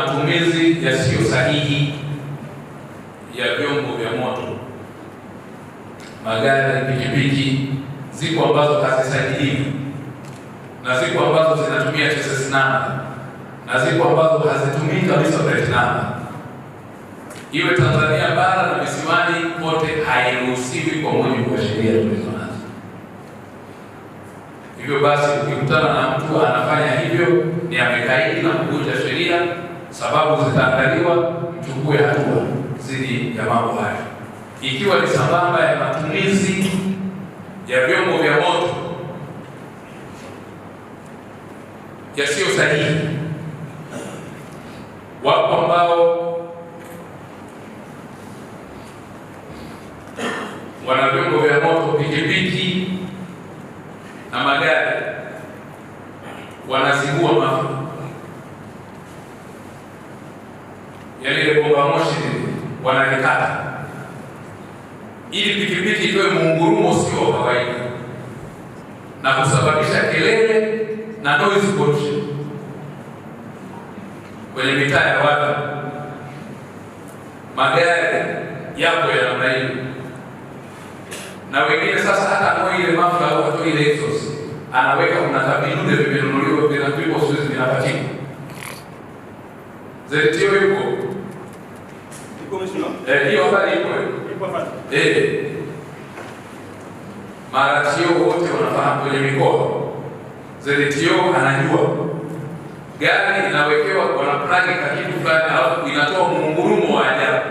matumizi yasiyo sahihi ya vyombo vya moto, magari, pikipiki. Ziko ambazo hazisajiliwi na ziko ambazo zinatumia TSS namba na ziko ambazo hazitumii kabisa plate namba, iwe Tanzania bara na visiwani kote, hairuhusiwi kwa mujibu wa sheria tulizonazo. Hivyo basi ukikutana na mtu anafanya hivyo, ni amekaidi na kuvunja sheria sababu zitaandaliwa tukue hatua dhidi ya mambo hayo, ikiwa ni sambamba ya matumizi ya vyombo vya moto yasiyo sahihi. Wapo ambao wana vyombo vya moto, pikipiki na magari wana wananikata ili pikipiki iwe muungurumo usio wa kawaida na kusababisha kelele na noise pollution kwenye mitaa ya watu. Magari yapo ya namna hiyo, na wengine sasa hata kwa ile mafuta au hata ile exhaust anaweka kuna tabidude vimenunuliwa vinapigwa siwezi vinapatika zetio Eh, hiyo habari ipo. Ipo Eh. eh. Maratio wote wanafahamu kwenye mikoa. Zeletio anajua. Gari inawekewa wana plagi ka kitu fulani alafu inatoa muungurumo wa ajabu.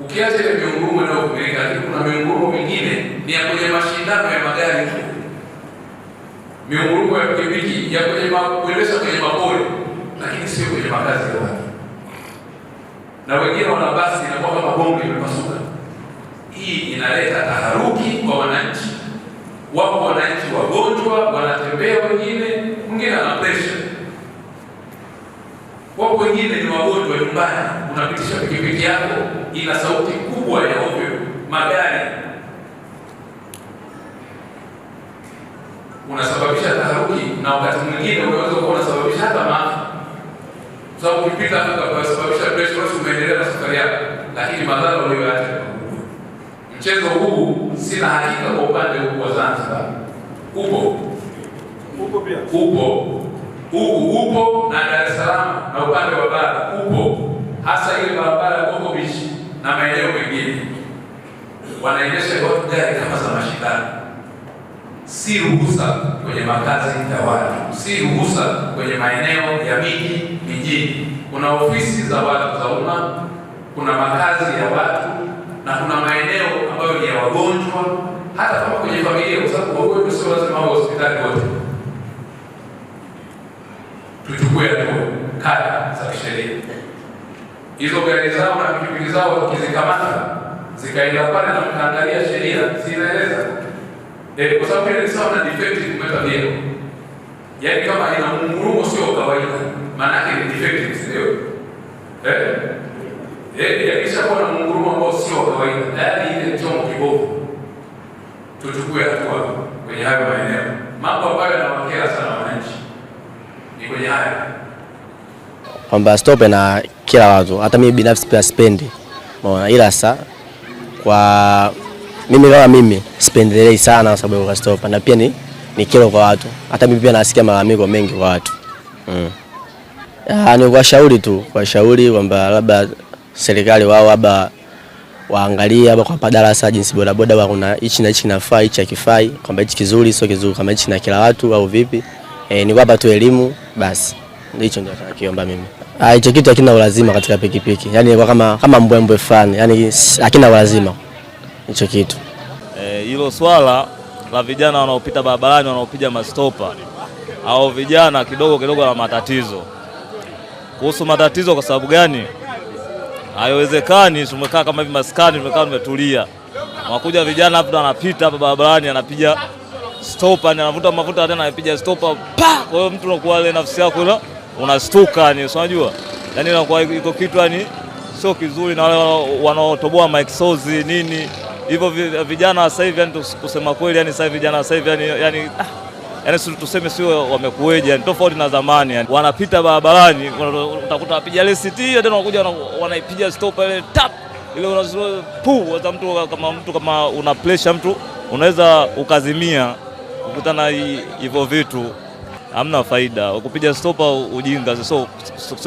Ukiacha ile miungurumo na kumeleka kuna miungurumo mingine ni ya kwenye mashindano ya magari tu. Miungurumo ya pikipiki ya kwenye kuendesha kwenye mapole lakini sio kwenye makazi ya watu na wengine wana basi inakuwa kama bonge imepasuka. Hii inaleta taharuki kwa wananchi. Wapo wananchi wagonjwa, wanatembea wengine, mwingine ana presha, wapo wengine ni wagonjwa nyumbani, unapitisha pikipiki yako ina sauti kubwa ya ovyo, magari, unasababisha taharuki, na wakati mwingine unaweza kuwa unasababisha hata maafa kwa sababu ukipita mtu akasababisha pressure cross, umeendelea na safari yako, lakini madhara uliyoacha kwa Mungu. Mchezo huu sina hakika kwa upande huu wa Zanzibar upo upo pia upo huu upo na Dar es Salaam na upande wa bara upo, hasa ile barabara ya Beach na maeneo mengine wanaendesha gari kama za mashindano si ruhusa kwenye makazi ya watu, si ruhusa kwenye maeneo ya miji mijini. Kuna ofisi za watu za umma, kuna makazi ya watu na kuna maeneo ambayo ni ya wagonjwa, hata kama kwenye familia, kwa sababu wagonjwa sio lazima wa hospitali wote. Tuchukue hatua kali za kisheria. Hizo gari zao na pikipiki zao tukizikamata zikaenda pale na kuangalia sheria zinaeleza Eh, kwa sababu ile sawa na defect Yaani kama ina sio kawaida. Maana yake ni defect sio? Eh? Eh, eh kuwa na ambao sio kawaida, ile chombo kibovu. Tuchukue hatua kwenye hayo maeneo. Mambo ambayo yanawakera sana wananchi. Ni kwenye hayo. Kwamba stop na kila watu, hata mimi binafsi pia sipendi. Maana ila sasa kwa mimi kama mimi sipendelei sana, kwa sababu ya na pia ni, ni kero kwa watu. Hata mimi pia nasikia malalamiko mengi kwa watu mm. Ah, ni kwa shauri tu, kwa shauri kwamba labda serikali wao labda waangalie labda kwa padarasa jinsi bodaboda wa kuna hichi na hichi kinafaa, hichi hakifai, kwamba hichi kizuri sio kizuri, kama hichi na kila watu au vipi? E, ni kwamba tu elimu basi, ndicho ndio nakiomba mimi. Ah, hicho kitu hakina ulazima katika pikipiki, yaani kama kama mbwembwe fulani, yaani hakina ulazima hicho kitu. E, hilo e, swala la vijana wanaopita barabarani wanaopiga mastopa au vijana kidogo kidogo na matatizo kuhusu matatizo. Kwa sababu gani? Haiwezekani tumekaa kama hivi maskani, tumekaa tumetulia, wakuja vijana hapo wanapita hapa barabarani, anapiga stopa, anavuta mafuta tena, anapiga stopa pa. Kwa hiyo mtu unakuwa ile nafsi yako ile unastuka, ni unajua, yani inakuwa iko kitu yani sio kizuri, na wale wanaotoboa mike sozi nini hivyo vijana sasa hivi, yani kusema kweli, yani sasa vijana sasa hivi yani, yani, yani tuseme sio wamekueja, yani tofauti na zamani yani. Wanapita barabarani utakuta wapiga hiyo tena wanakuja wanaipiga stop ile tap ile unazo pu za mtu kama mtu kama una pressure mtu unaweza ukazimia kukutana hivyo vitu hamna faida. Kupiga stopa ujinga, sio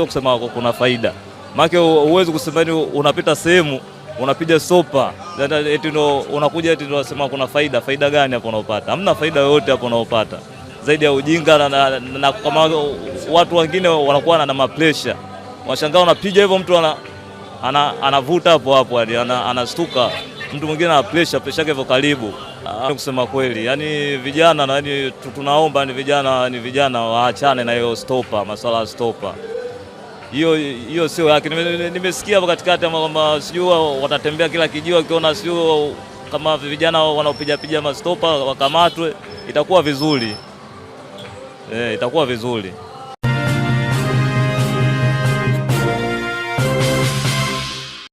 kusema kuna faida, maana huwezi kusema unapita sehemu unapiga sopa eti ndo unakuja eti ndo unasema kuna faida. Faida gani hapo unaopata? Hamna faida yoyote hapo unaopata zaidi ya ujinga na, na, na kama watu wengine wanakuwa na, na mapresha washangaa, unapiga hivyo mtu ana, ana, anavuta hapo hapo ana, anastuka mtu mwingine ana presha presha yake hivyo karibu. Ah, kusema kweli, yani vijana yani tunaomba ni vijana ni vijana waachane na hiyo stopa, masuala ya stopa hiyo hiyo sio yake. Nimesikia hapo katikati kwamba sijui watatembea kila kijua, ukiona sijui kama vijana wanaopigapiga mastopa wakamatwe, itakuwa vizuri eh, itakuwa vizuri.